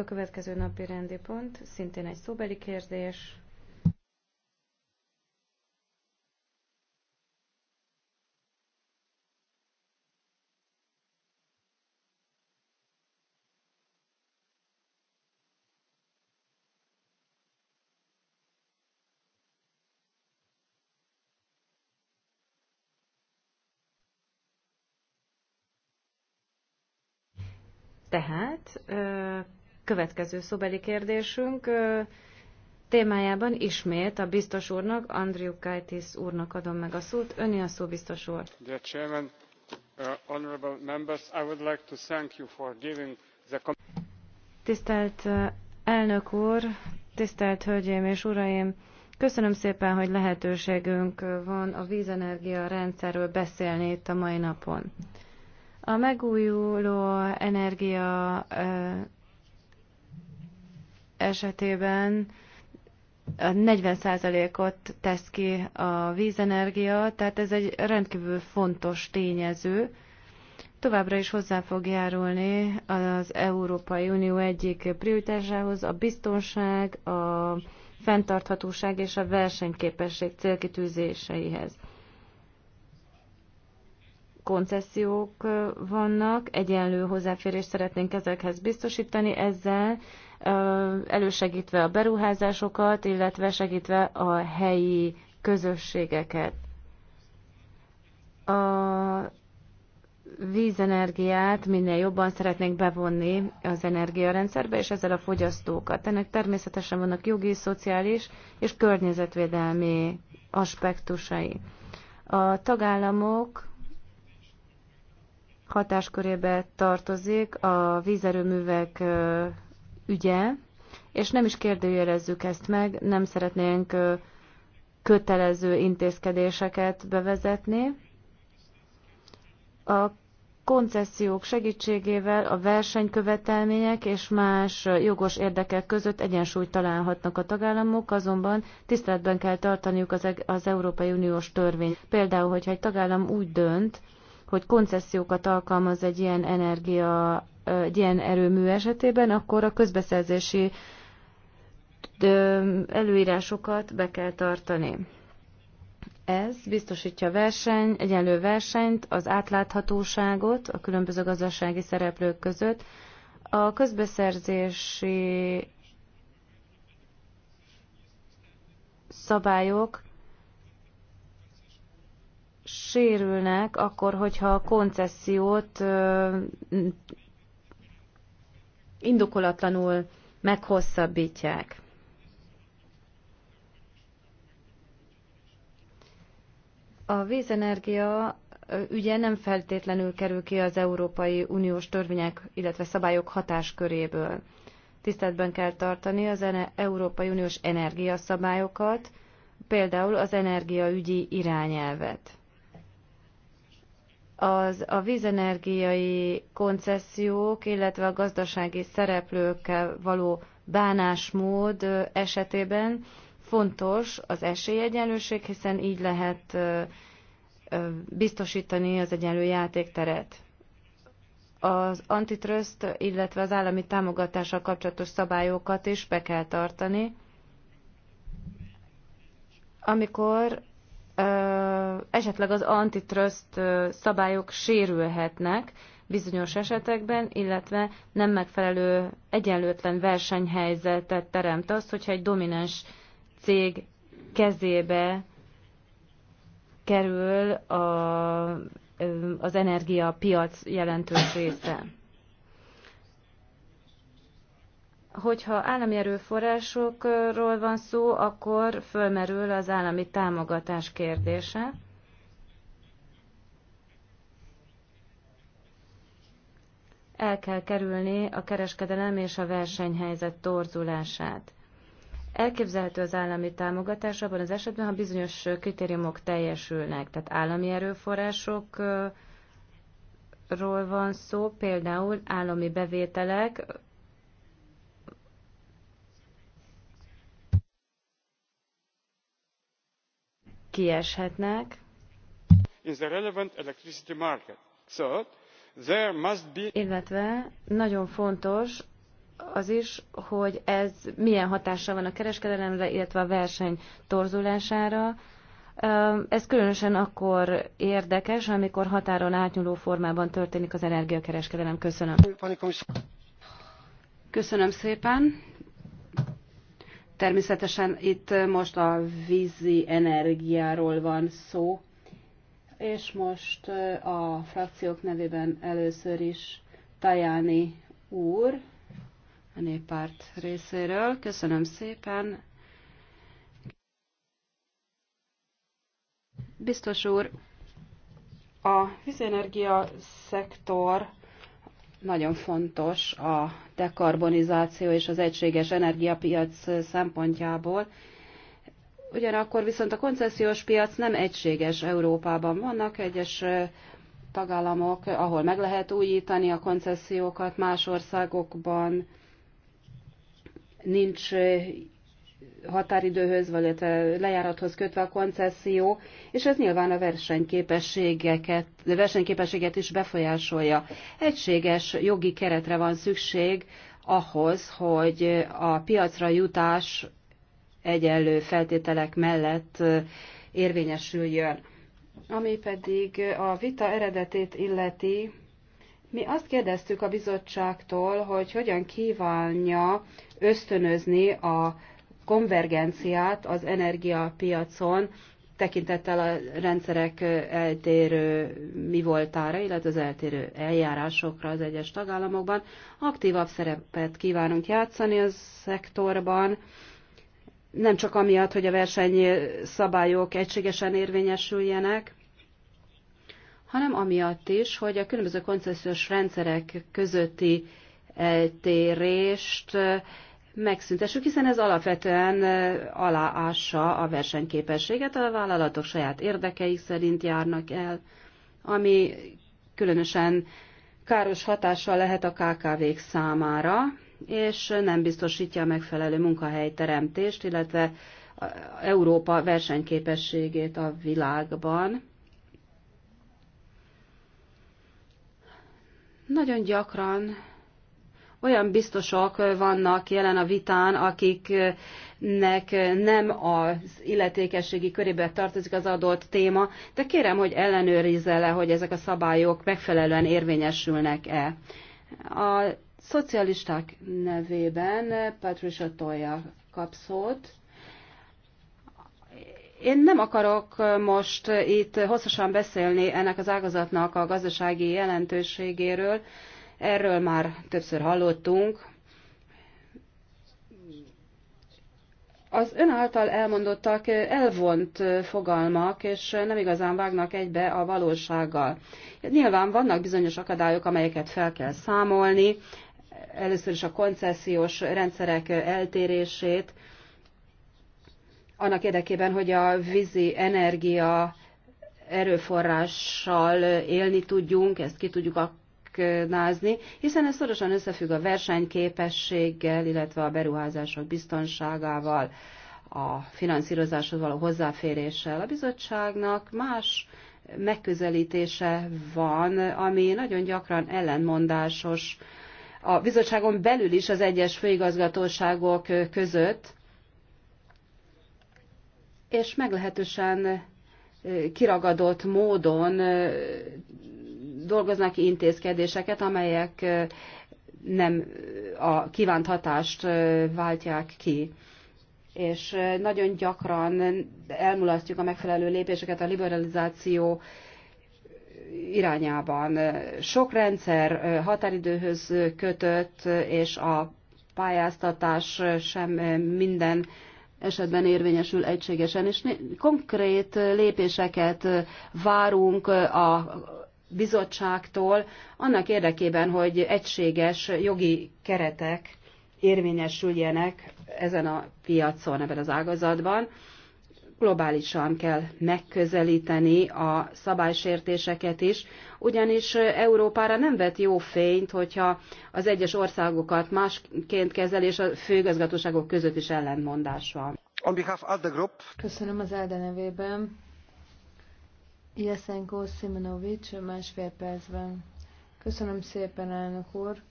A következő napi rendi pont szintén egy szóbeli kérdés. Tehát Következő szóbeli kérdésünk témájában ismét a biztos úrnak, Andrew Kaitis úrnak adom meg a szót. Öni a szó, biztos úr. Uh, tisztelt elnök úr, tisztelt hölgyeim és uraim, köszönöm szépen, hogy lehetőségünk van a vízenergia rendszerről beszélni itt a mai napon. A megújuló energia esetében 40%-ot tesz ki a vízenergia, tehát ez egy rendkívül fontos tényező. Továbbra is hozzá fog járulni az Európai Unió egyik prioritásához a biztonság, a fenntarthatóság és a versenyképesség célkitűzéseihez. Koncesziók vannak, egyenlő hozzáférést szeretnénk ezekhez biztosítani, ezzel elősegítve a beruházásokat, illetve segítve a helyi közösségeket. A vízenergiát minél jobban szeretnénk bevonni az energiarendszerbe, és ezzel a fogyasztókat. Ennek természetesen vannak jogi, szociális és környezetvédelmi aspektusai. A tagállamok hatáskörébe tartozik a vízerőművek ügye, és nem is kérdőjelezzük ezt meg, nem szeretnénk kötelező intézkedéseket bevezetni. A koncesziók segítségével a versenykövetelmények és más jogos érdekek között egyensúlyt találhatnak a tagállamok, azonban tiszteletben kell tartaniuk az, az Európai Uniós törvény. Például, hogyha egy tagállam úgy dönt, hogy koncesziókat alkalmaz egy ilyen energia egy ilyen erőmű esetében, akkor a közbeszerzési előírásokat be kell tartani. Ez biztosítja a verseny, egyenlő versenyt, az átláthatóságot a különböző gazdasági szereplők között. A közbeszerzési szabályok sérülnek akkor, hogyha a koncesziót indokolatlanul meghosszabbítják. A vízenergia ügye nem feltétlenül kerül ki az Európai Uniós törvények, illetve szabályok hatásköréből. Tiszteletben kell tartani az Európai Uniós energiaszabályokat, például az energiaügyi irányelvet az a vízenergiai koncesziók, illetve a gazdasági szereplőkkel való bánásmód esetében fontos az esélyegyenlőség, hiszen így lehet biztosítani az egyenlő játékteret. Az antitrust, illetve az állami támogatással kapcsolatos szabályokat is be kell tartani, amikor esetleg az antitrust szabályok sérülhetnek bizonyos esetekben, illetve nem megfelelő egyenlőtlen versenyhelyzetet teremt az, hogyha egy domináns cég kezébe kerül a, az energiapiac jelentős része. hogyha állami erőforrásokról van szó, akkor fölmerül az állami támogatás kérdése. El kell kerülni a kereskedelem és a versenyhelyzet torzulását. Elképzelhető az állami támogatás abban az esetben, ha bizonyos kritériumok teljesülnek, tehát állami erőforrásokról van szó, például állami bevételek, kieshetnek. So, be... Illetve nagyon fontos az is, hogy ez milyen hatással van a kereskedelemre, illetve a verseny torzulására. Ez különösen akkor érdekes, amikor határon átnyúló formában történik az energiakereskedelem. Köszönöm. Köszönöm szépen. Természetesen itt most a vízi energiáról van szó, és most a frakciók nevében először is Tajáni úr, a néppárt részéről. Köszönöm szépen. Biztos úr, a vízenergia szektor nagyon fontos a dekarbonizáció és az egységes energiapiac szempontjából. Ugyanakkor viszont a koncesziós piac nem egységes Európában. Vannak egyes tagállamok, ahol meg lehet újítani a koncesziókat, más országokban nincs határidőhöz, vagy lejárathoz kötve a koncesszió, és ez nyilván a versenyképességeket, versenyképességet is befolyásolja. Egységes jogi keretre van szükség ahhoz, hogy a piacra jutás egyenlő feltételek mellett érvényesüljön. Ami pedig a vita eredetét illeti, mi azt kérdeztük a bizottságtól, hogy hogyan kívánja ösztönözni a konvergenciát az energiapiacon tekintettel a rendszerek eltérő mi voltára, illetve az eltérő eljárásokra az egyes tagállamokban. Aktívabb szerepet kívánunk játszani a szektorban, nem csak amiatt, hogy a versenyszabályok egységesen érvényesüljenek, hanem amiatt is, hogy a különböző koncesziós rendszerek közötti eltérést megszüntessük, hiszen ez alapvetően aláássa a versenyképességet, a vállalatok saját érdekeik szerint járnak el, ami különösen káros hatással lehet a KKV-k számára, és nem biztosítja a megfelelő munkahelyteremtést, illetve Európa versenyképességét a világban. Nagyon gyakran olyan biztosok vannak jelen a vitán, akiknek nem az illetékességi körébe tartozik az adott téma, de kérem, hogy ellenőrizze le, hogy ezek a szabályok megfelelően érvényesülnek-e. A szocialisták nevében Patricia Tolja kap szót. Én nem akarok most itt hosszasan beszélni ennek az ágazatnak a gazdasági jelentőségéről, Erről már többször hallottunk. Az ön által elmondottak elvont fogalmak, és nem igazán vágnak egybe a valósággal. Nyilván vannak bizonyos akadályok, amelyeket fel kell számolni. Először is a koncesziós rendszerek eltérését, annak érdekében, hogy a vízi energia erőforrással élni tudjunk, ezt ki tudjuk megnázni, hiszen ez szorosan összefügg a versenyképességgel, illetve a beruházások biztonságával, a finanszírozáshoz való hozzáféréssel. A bizottságnak más megközelítése van, ami nagyon gyakran ellenmondásos a bizottságon belül is az egyes főigazgatóságok között, és meglehetősen kiragadott módon dolgoznak ki intézkedéseket, amelyek nem a kívánt hatást váltják ki. És nagyon gyakran elmulasztjuk a megfelelő lépéseket a liberalizáció irányában. Sok rendszer határidőhöz kötött, és a pályáztatás sem minden esetben érvényesül egységesen, és konkrét lépéseket várunk a bizottságtól annak érdekében, hogy egységes jogi keretek érvényesüljenek ezen a piacon, ebben az ágazatban. Globálisan kell megközelíteni a szabálysértéseket is, ugyanis Európára nem vet jó fényt, hogyha az egyes országokat másként kezel, és a főgazgatóságok között is ellentmondás van. On behalf of the group. Köszönöm az Elde nevében. Jeszenko Simonovics másfél percben. Köszönöm szépen, elnök úr!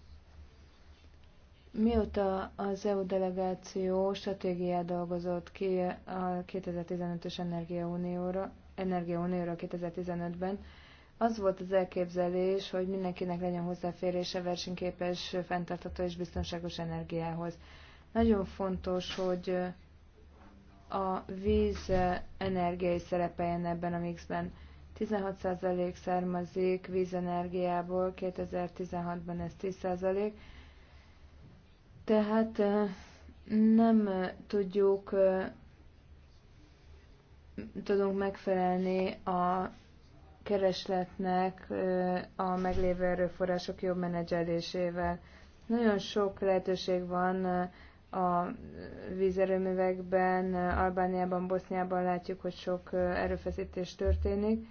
Mióta az EU delegáció stratégiát dolgozott ki a 2015-ös Energiaunióra, Energiaunióra 2015-ben, az volt az elképzelés, hogy mindenkinek legyen hozzáférése versenyképes, fenntartható és biztonságos energiához. Nagyon fontos, hogy a víz energiai szerepeljen ebben a mixben. 16% származik vízenergiából, 2016-ban ez 10%. Tehát nem tudjuk, tudunk megfelelni a keresletnek a meglévő erőforrások jobb menedzselésével. Nagyon sok lehetőség van a vízerőművekben, Albániában, Boszniában látjuk, hogy sok erőfeszítés történik,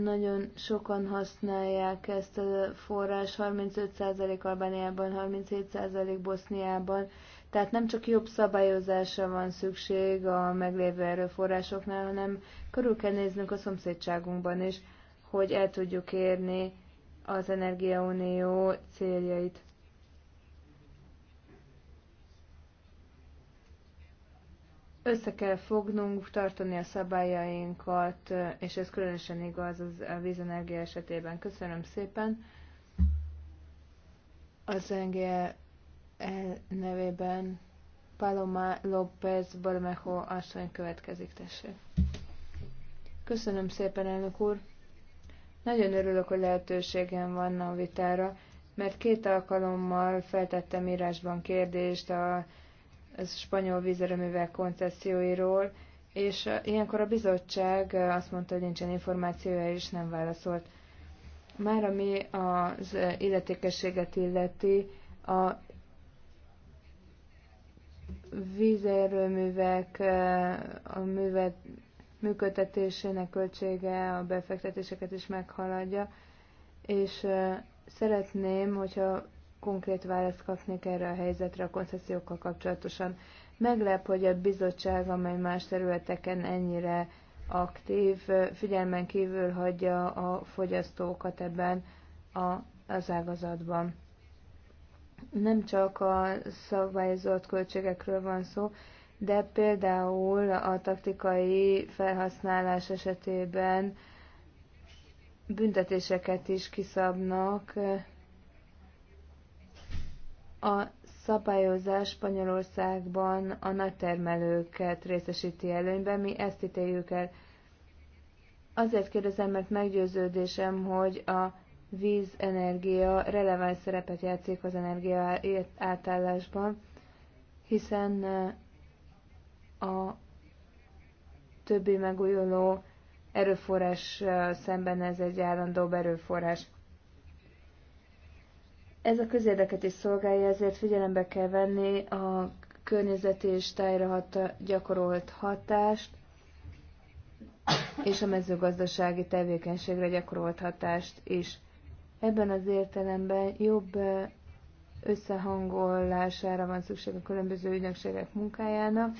nagyon sokan használják ezt a forrás, 35% Albániában, 37% Boszniában. Tehát nem csak jobb szabályozásra van szükség a meglévő erőforrásoknál, hanem körül kell néznünk a szomszédságunkban is, hogy el tudjuk érni az Energiaunió céljait. össze kell fognunk, tartani a szabályainkat, és ez különösen igaz az a vízenergia esetében. Köszönöm szépen. Az NGE nevében Paloma López Balmejo asszony következik, tessék. Köszönöm szépen, elnök úr. Nagyon örülök, hogy lehetőségem van a vitára, mert két alkalommal feltettem írásban kérdést a spanyol vízerőművek koncesszióiról, és ilyenkor a bizottság azt mondta, hogy nincsen információja, és nem válaszolt. Már ami az illetékességet illeti, a vízerőművek a művet, működtetésének költsége a befektetéseket is meghaladja, és szeretném, hogyha konkrét választ kapnék erre a helyzetre a koncesziókkal kapcsolatosan. Meglep, hogy a bizottság, amely más területeken ennyire aktív, figyelmen kívül hagyja a fogyasztókat ebben a, az ágazatban. Nem csak a szabályozott költségekről van szó, de például a taktikai felhasználás esetében büntetéseket is kiszabnak, a szabályozás Spanyolországban a nagytermelőket részesíti előnyben, mi ezt ítéljük el. Azért kérdezem, mert meggyőződésem, hogy a vízenergia releváns szerepet játszik az energia átállásban, hiszen eh, a többi megújuló erőforrás eh, szemben ez egy állandó erőforrás. Ez a közérdeket is szolgálja, ezért figyelembe kell venni a környezeti és tájra hat, gyakorolt hatást, és a mezőgazdasági tevékenységre gyakorolt hatást is. Ebben az értelemben jobb összehangolására van szükség a különböző ügynökségek munkájának.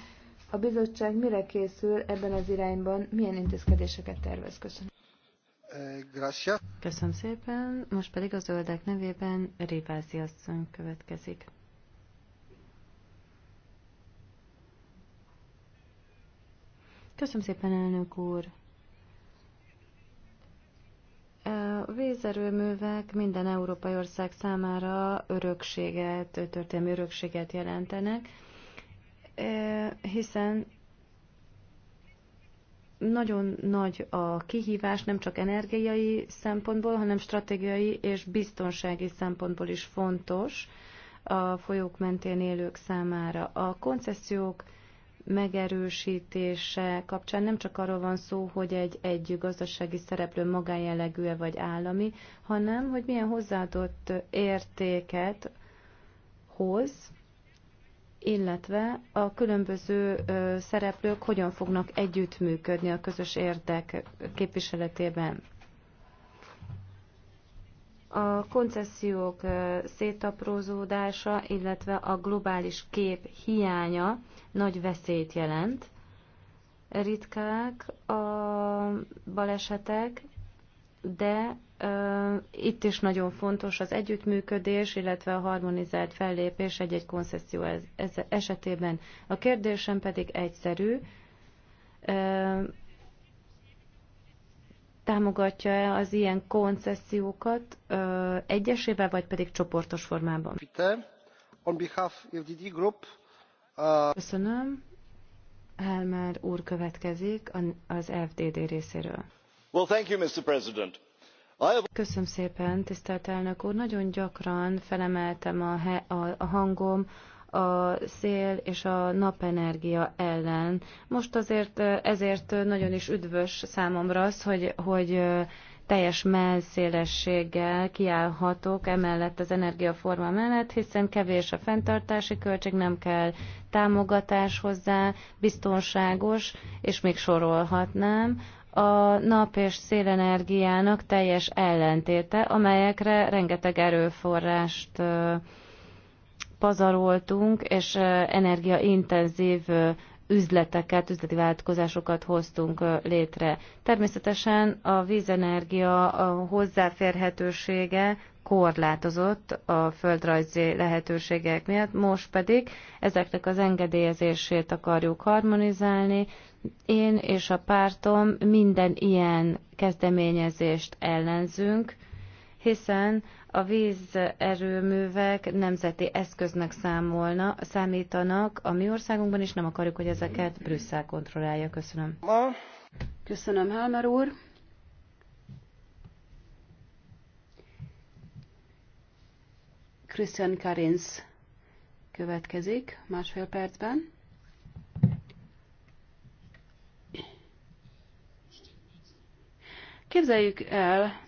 A bizottság mire készül ebben az irányban, milyen intézkedéseket tervez? Köszönöm. Köszönöm szépen. Most pedig a zöldek nevében Rivázi asszony következik. Köszönöm szépen, elnök úr. A vízerőművek minden európai ország számára örökséget, történelmi örökséget jelentenek, eh, hiszen nagyon nagy a kihívás, nem csak energiai szempontból, hanem stratégiai és biztonsági szempontból is fontos a folyók mentén élők számára. A koncesziók megerősítése kapcsán nem csak arról van szó, hogy egy, egy gazdasági szereplő magánjellegű-e vagy állami, hanem hogy milyen hozzáadott értéket hoz illetve a különböző szereplők hogyan fognak együttműködni a közös érdek képviseletében. A koncesziók szétaprózódása, illetve a globális kép hiánya nagy veszélyt jelent. Ritkák a balesetek, de itt is nagyon fontos az együttműködés, illetve a harmonizált fellépés egy-egy ez esetében. A kérdésem pedig egyszerű. Támogatja-e az ilyen uh, egyesével, vagy pedig csoportos formában? On behalf of the group, uh... Köszönöm. Helmer úr következik az FDD részéről. Köszönöm szépen, tisztelt elnök úr. Nagyon gyakran felemeltem a, hangom a szél és a napenergia ellen. Most azért ezért nagyon is üdvös számomra az, hogy, teljes mellszélességgel kiállhatok emellett az energiaforma mellett, hiszen kevés a fenntartási költség, nem kell támogatás hozzá, biztonságos, és még sorolhatnám a nap és szélenergiának teljes ellentéte, amelyekre rengeteg erőforrást pazaroltunk, és energiaintenzív üzleteket, üzleti változásokat hoztunk létre. Természetesen a vízenergia a hozzáférhetősége korlátozott a földrajzi lehetőségek miatt, most pedig ezeknek az engedélyezését akarjuk harmonizálni. Én és a pártom minden ilyen kezdeményezést ellenzünk, hiszen a vízerőművek nemzeti eszköznek számolna, számítanak a mi országunkban, és nem akarjuk, hogy ezeket Brüsszel kontrollálja. Köszönöm. Köszönöm, Helmer úr. Christian Karins következik másfél percben. Képzeljük el,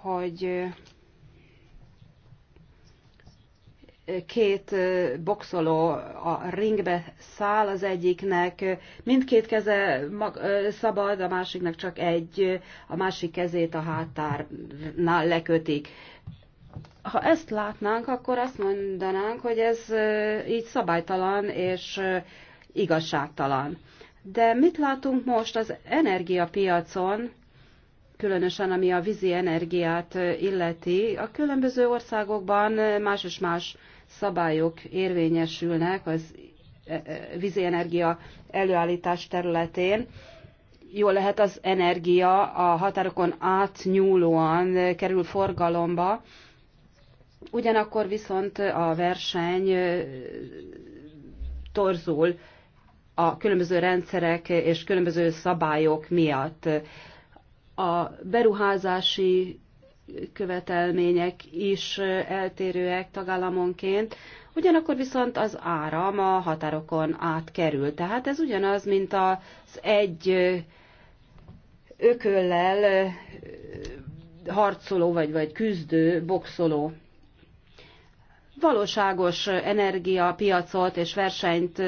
hogy eh, két eh, boxoló a ringbe száll az egyiknek, eh, mindkét keze szabad, a másiknak csak egy, a másik kezét a hátárnál lekötik. Ha ezt látnánk, akkor azt mondanánk, hogy ez így szabálytalan és igazságtalan. De mit látunk most az energiapiacon, különösen ami a vízi energiát illeti, a különböző országokban más és más szabályok érvényesülnek az vízi energia előállítás területén. Jó lehet az energia a határokon átnyúlóan kerül forgalomba, Ugyanakkor viszont a verseny torzul a különböző rendszerek és különböző szabályok miatt. A beruházási követelmények is eltérőek tagállamonként, ugyanakkor viszont az áram a határokon átkerül. Tehát ez ugyanaz, mint az egy ököllel harcoló vagy, vagy küzdő, boxoló valóságos energiapiacot és versenyt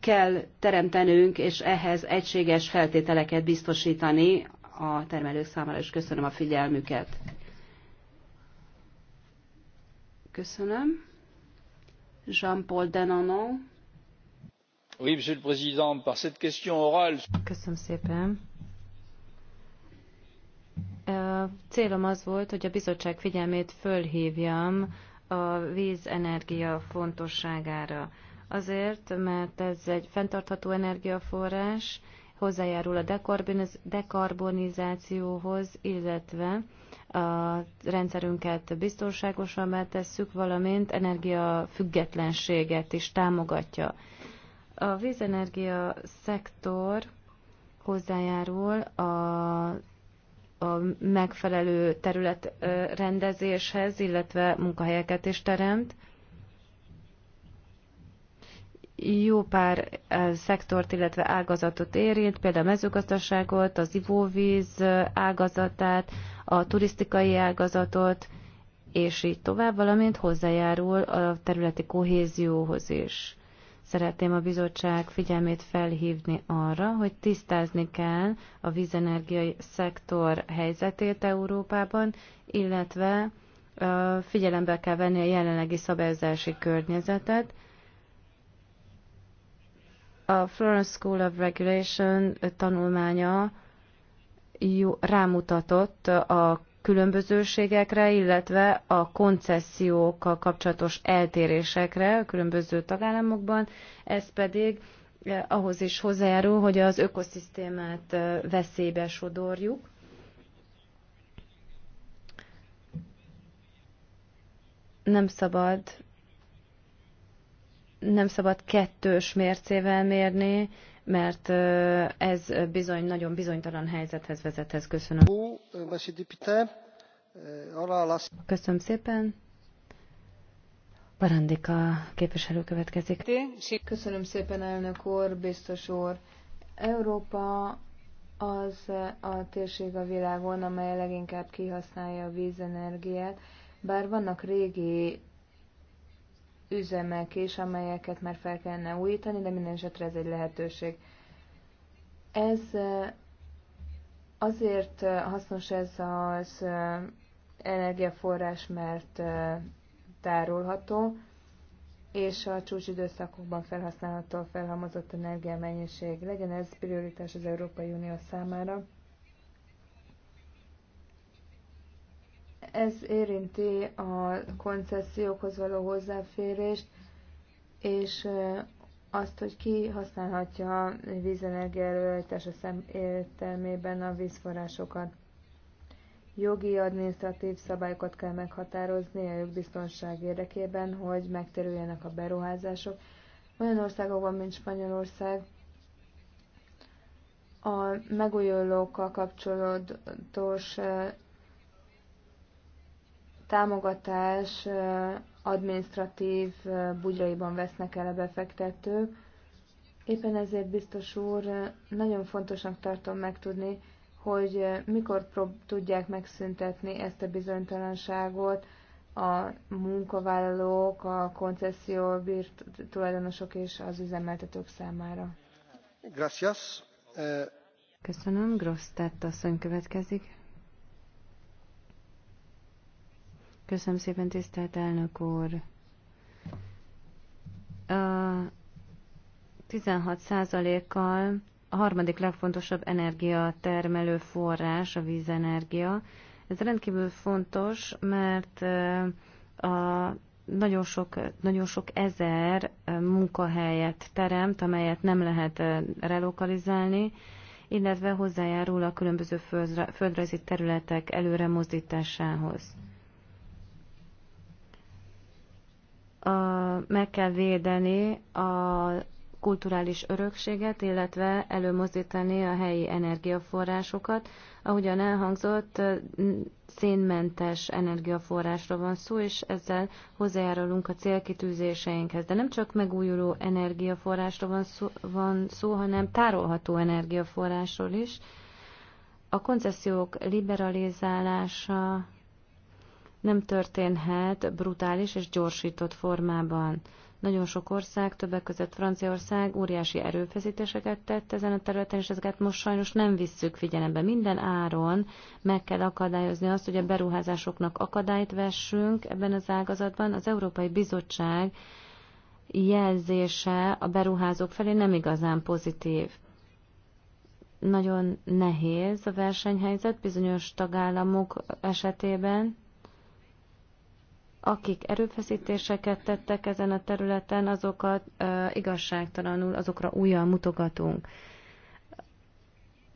kell teremtenünk, és ehhez egységes feltételeket biztosítani a termelők számára, és köszönöm a figyelmüket. Köszönöm. Jean-Paul Denanon. Oui, Monsieur le Président, par cette question orale. Köszönöm szépen. Célom az volt, hogy a bizottság figyelmét fölhívjam a vízenergia fontosságára. Azért, mert ez egy fenntartható energiaforrás, hozzájárul a dekarbonizációhoz, illetve a rendszerünket biztonságosabbá tesszük, valamint energiafüggetlenséget is támogatja. A vízenergia szektor hozzájárul a a megfelelő terület rendezéshez illetve munkahelyeket is teremt. Jó pár szektort, illetve ágazatot érint, például a mezőgazdaságot, az ivóvíz ágazatát, a turisztikai ágazatot, és így tovább, valamint hozzájárul a területi kohézióhoz is. Szeretném a bizottság figyelmét felhívni arra, hogy tisztázni kell a vízenergiai szektor helyzetét Európában, illetve figyelembe kell venni a jelenlegi szabályozási környezetet. A Florence School of Regulation tanulmánya rámutatott a különbözőségekre, illetve a koncesziókkal kapcsolatos eltérésekre a különböző tagállamokban, ez pedig eh, ahhoz is hozzájárul, hogy az ökoszisztémát eh, veszélybe sodorjuk. Nem szabad nem szabad kettős mércével mérni mert ez bizony nagyon bizonytalan helyzethez vezethez. Köszönöm. Köszönöm szépen. Barandika képviselő következik. Köszönöm szépen, elnök úr, biztos úr. Európa az a térség a világon, amely leginkább kihasználja a vízenergiát, bár vannak régi üzemek is, amelyeket már fel kellene újítani, de minden esetre ez egy lehetőség. Ez azért hasznos ez az energiaforrás, mert tárolható, és a csúcsidőszakokban felhasználható a felhalmozott energiamennyiség. Legyen ez prioritás az Európai Unió számára. Ez érinti a koncesziókhoz való hozzáférést, és azt, hogy ki használhatja vízenergia előállítása értelmében a vízforrásokat. Jogi adminisztratív szabályokat kell meghatározni a jogbiztonság érdekében, hogy megterüljenek a beruházások. Olyan országokban, mint Spanyolország, a megújulókkal kapcsolatos támogatás adminisztratív, bugyraiban vesznek el a befektetők. Éppen ezért, biztos úr, nagyon fontosnak tartom megtudni, hogy mikor tudják megszüntetni ezt a bizonytalanságot a munkavállalók, a konceszióbírt tulajdonosok és az üzemeltetők számára. Gracias. Köszönöm, Grosztett asszony következik. Köszönöm szépen, tisztelt elnök úr. A 16%-kal a harmadik legfontosabb energiatermelő forrás a vízenergia. Ez rendkívül fontos, mert a nagyon sok, nagyon sok ezer munkahelyet teremt, amelyet nem lehet relokalizálni, illetve hozzájárul a különböző földrajzi területek előremozdításához. meg kell védeni a kulturális örökséget, illetve előmozdítani a helyi energiaforrásokat. Ahogyan elhangzott, szénmentes energiaforrásra van szó, és ezzel hozzájárulunk a célkitűzéseinkhez. De nem csak megújuló energiaforrásra van szó, van szó hanem tárolható energiaforrásról is. A koncesziók liberalizálása nem történhet brutális és gyorsított formában. Nagyon sok ország, többek között Franciaország óriási erőfeszítéseket tett ezen a területen, és ezeket most sajnos nem visszük figyelembe. Minden áron meg kell akadályozni azt, hogy a beruházásoknak akadályt vessünk ebben az ágazatban. Az Európai Bizottság jelzése a beruházók felé nem igazán pozitív. Nagyon nehéz a versenyhelyzet bizonyos tagállamok esetében, akik erőfeszítéseket tettek ezen a területen, azokat e, igazságtalanul azokra újjal mutogatunk.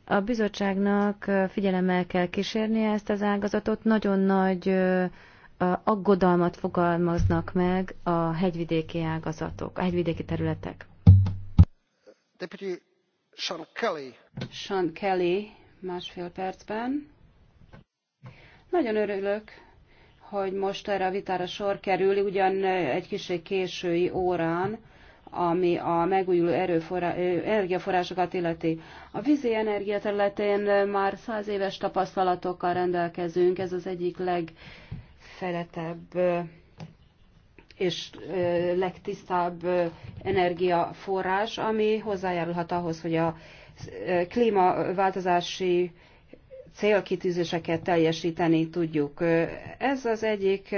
A bizottságnak figyelemmel kell kísérnie ezt az ágazatot. Nagyon nagy e, aggodalmat fogalmaznak meg a hegyvidéki ágazatok, a hegyvidéki területek. Deputy Sean Kelly. Sean Kelly, másfél percben. Nagyon örülök, hogy most erre a vitára sor kerül, ugyan egy kicsit késői órán, ami a megújuló erőforra, energiaforrásokat illeti. A vízi energia területén már száz éves tapasztalatokkal rendelkezünk, ez az egyik legfeletebb és legtisztább energiaforrás, ami hozzájárulhat ahhoz, hogy a klímaváltozási célkitűzéseket teljesíteni tudjuk. Ez az egyik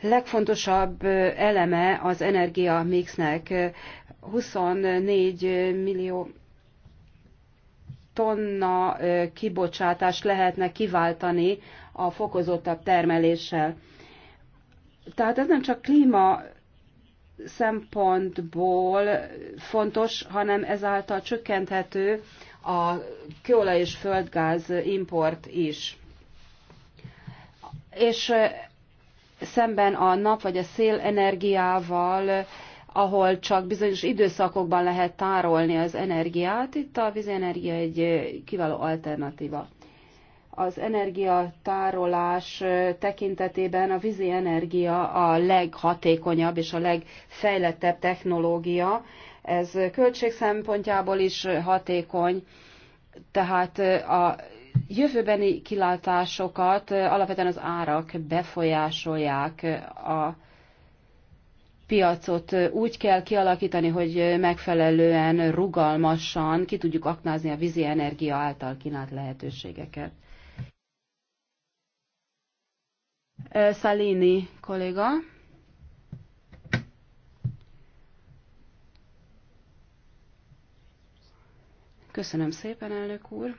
legfontosabb eleme az energia mixnek. 24 millió tonna kibocsátást lehetne kiváltani a fokozottabb termeléssel. Tehát ez nem csak klíma szempontból fontos, hanem ezáltal csökkenthető a kőolaj és földgáz import is. És szemben a nap vagy a szél energiával, ahol csak bizonyos időszakokban lehet tárolni az energiát, itt a vízenergia egy kiváló alternatíva az energiatárolás tekintetében a vízi energia a leghatékonyabb és a legfejlettebb technológia, ez költség szempontjából is hatékony, tehát a jövőbeni kilátásokat alapvetően az árak befolyásolják a piacot úgy kell kialakítani, hogy megfelelően rugalmasan ki tudjuk aknázni a vízi energia által kínált lehetőségeket. Salini kolléga. Köszönöm szépen, elnök úr.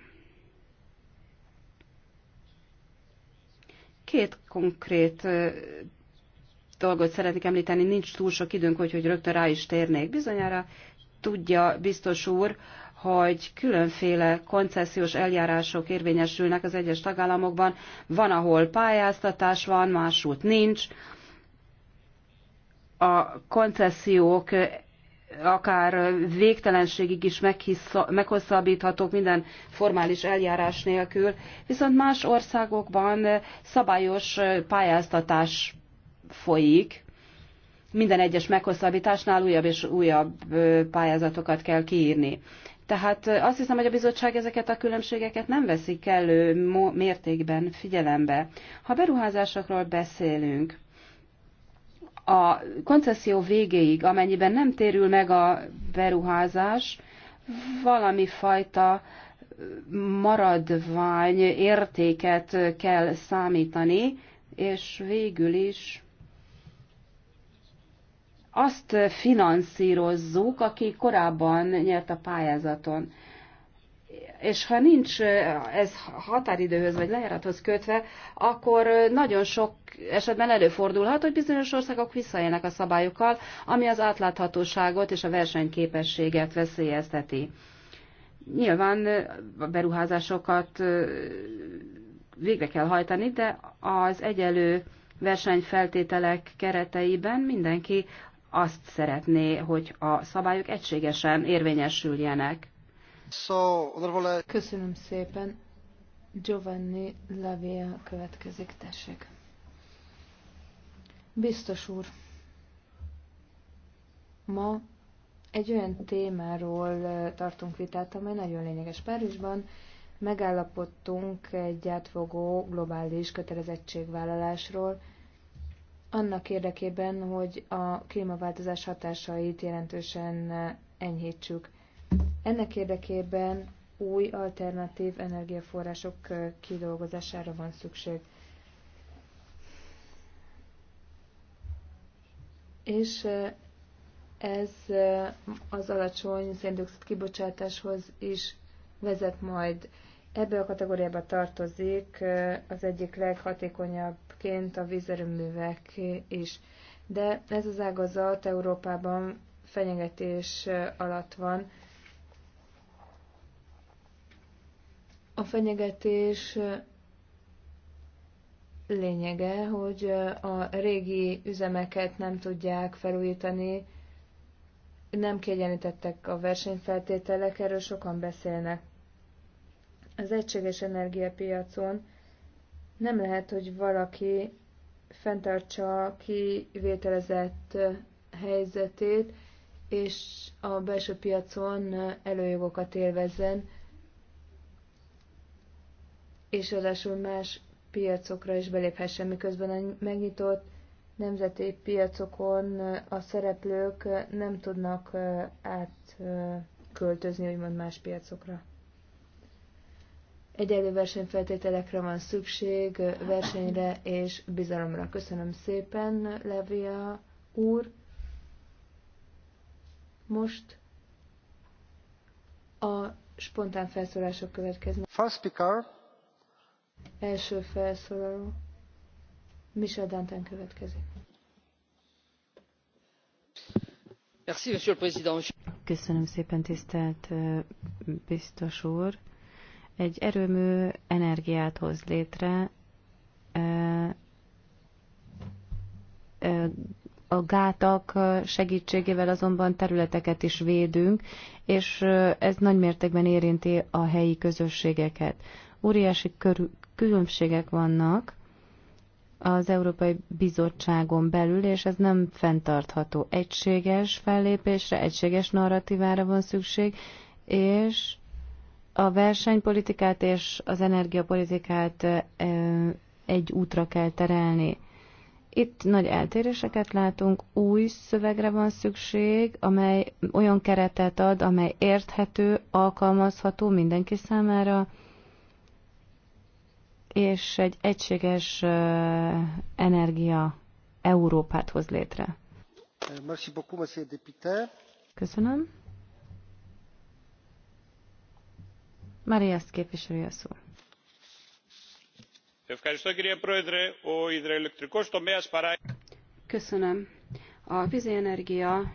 Két konkrét dolgot szeretnék említeni, nincs túl sok időnk, hogy, hogy rögtön rá is térnék. Bizonyára tudja biztos úr, hogy különféle koncesziós eljárások érvényesülnek az egyes tagállamokban. Van, ahol pályáztatás van, másút nincs. A koncesziók akár végtelenségig is meghosszabbíthatók minden formális eljárás nélkül, viszont más országokban szabályos pályáztatás folyik, minden egyes meghosszabbításnál újabb és újabb pályázatokat kell kiírni. Tehát azt hiszem, hogy a bizottság ezeket a különbségeket nem veszi kellő mértékben figyelembe. Ha beruházásokról beszélünk, a koncesszió végéig, amennyiben nem térül meg a beruházás, valami fajta maradvány értéket kell számítani, és végül is azt finanszírozzuk, aki korábban nyert a pályázaton és ha nincs ez határidőhöz vagy lejárathoz kötve, akkor nagyon sok esetben előfordulhat, hogy bizonyos országok visszaélnek a szabályokkal, ami az átláthatóságot és a versenyképességet veszélyezteti. Nyilván a beruházásokat végre kell hajtani, de az egyelő versenyfeltételek kereteiben mindenki azt szeretné, hogy a szabályok egységesen érvényesüljenek. Köszönöm szépen. Giovanni Lavia következik, tessék. Biztos úr, ma egy olyan témáról tartunk vitát, amely nagyon lényeges Párizsban. Megállapodtunk egy átfogó globális kötelezettségvállalásról, annak érdekében, hogy a klímaváltozás hatásait jelentősen enyhítsük. Ennek érdekében új alternatív energiaforrások kidolgozására van szükség. És ez az alacsony széndiokszid kibocsátáshoz is vezet majd. Ebbe a kategóriába tartozik az egyik leghatékonyabbként a vízerőművek is. De ez az ágazat Európában fenyegetés alatt van, A fenyegetés lényege, hogy a régi üzemeket nem tudják felújítani, nem kiegyenítettek a versenyfeltételek, erről sokan beszélnek. Az egységes energiapiacon nem lehet, hogy valaki fenntartsa kivételezett helyzetét, és a belső piacon előjogokat élvezzen, és ráadásul más piacokra is beléphessen, miközben a megnyitott nemzeti piacokon a szereplők nem tudnak átköltözni, úgymond más piacokra. Egyenlő versenyfeltételekre van szükség, versenyre és bizalomra. Köszönöm szépen, Levia úr. Most a spontán felszólások következnek. First speaker, Első felszólaló. Michel Danten következik. Merci, monsieur le président. Köszönöm szépen, tisztelt biztos úr. Egy erőmű energiát hoz létre, a gátak segítségével azonban területeket is védünk, és ez nagy mértékben érinti a helyi közösségeket. Óriási körül különbségek vannak az Európai Bizottságon belül, és ez nem fenntartható. Egységes fellépésre, egységes narratívára van szükség, és a versenypolitikát és az energiapolitikát egy útra kell terelni. Itt nagy eltéréseket látunk, új szövegre van szükség, amely olyan keretet ad, amely érthető, alkalmazható mindenki számára, és egy egységes energia Európát hoz létre. Köszönöm. Maria ezt képviselő a szó. Köszönöm. A vízenergia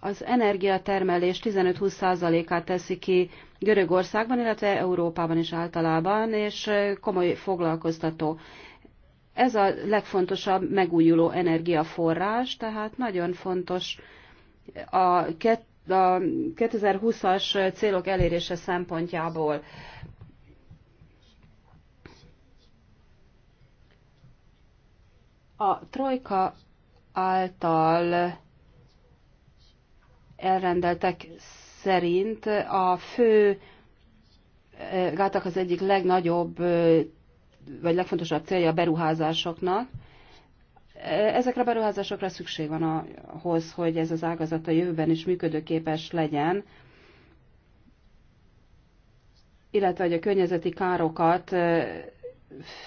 az energiatermelés 15-20%-át teszi ki Görögországban, illetve Európában is általában, és komoly foglalkoztató. Ez a legfontosabb megújuló energiaforrás, tehát nagyon fontos a 2020-as célok elérése szempontjából. A trojka által elrendeltek szerint a fő gátak az egyik legnagyobb, vagy legfontosabb célja a beruházásoknak. Ezekre a beruházásokra szükség van ahhoz, hogy ez az ágazat a jövőben is működőképes legyen, illetve hogy a környezeti károkat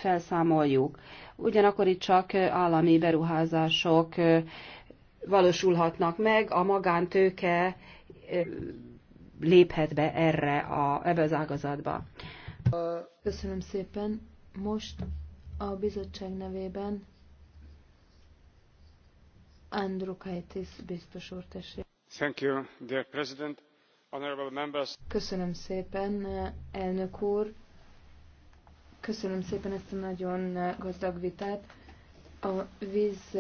felszámoljuk. Ugyanakkor itt csak állami beruházások valósulhatnak meg, a magántőke léphet be erre a, ebbe az ágazatba. Köszönöm szépen. Most a bizottság nevében Andrukaitis biztos úr tessék. Thank you, dear President. Honorable members. Köszönöm szépen, elnök úr. Köszönöm szépen ezt a nagyon gazdag vitát. A víz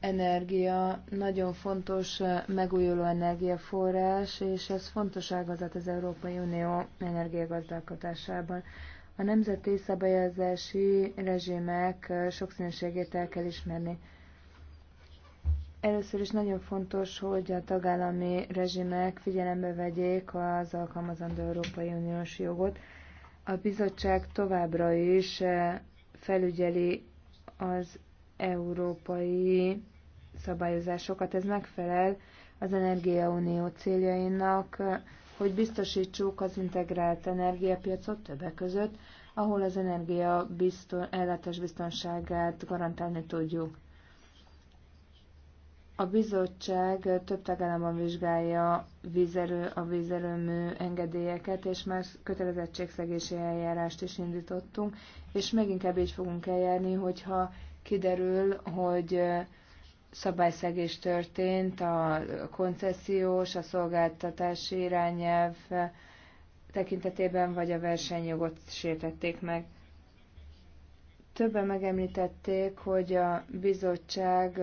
energia nagyon fontos megújuló energiaforrás, és ez fontos ágazat az Európai Unió energiagazdálkodásában. A nemzeti szabályozási rezsimek sokszínűségét el kell ismerni. Először is nagyon fontos, hogy a tagállami rezsimek figyelembe vegyék az alkalmazandó Európai Uniós jogot. A bizottság továbbra is felügyeli az európai szabályozásokat. Ez megfelel az Energiaunió céljainak, hogy biztosítsuk az integrált energiapiacot többek között, ahol az energia bizton, ellátás biztonságát garantálni tudjuk. A bizottság több tagállamban vizsgálja vízerő, a vízerőmű engedélyeket, és már kötelezettségszegési eljárást is indítottunk, és még inkább így fogunk eljárni, hogyha kiderül, hogy szabályszegés történt a koncesziós, a szolgáltatási irányelv tekintetében, vagy a versenyjogot sértették meg. Többen megemlítették, hogy a bizottság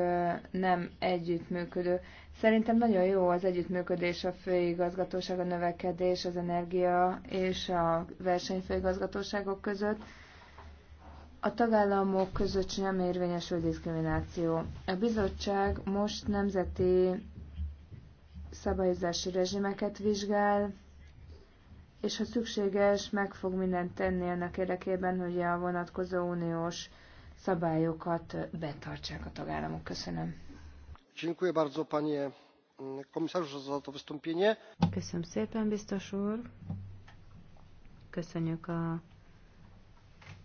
nem együttműködő. Szerintem nagyon jó az együttműködés a főigazgatóság, a növekedés, az energia és a versenyfőigazgatóságok között a tagállamok között sem érvényesül diszkrimináció. A bizottság most nemzeti szabályozási rezsimeket vizsgál, és ha szükséges, meg fog mindent tenni annak érdekében, hogy a vonatkozó uniós szabályokat betartsák a tagállamok. Köszönöm. Dziękuję bardzo, panie mm, komisarzu, za to wystąpienie. Köszönöm szépen, biztos úr. Köszönjük a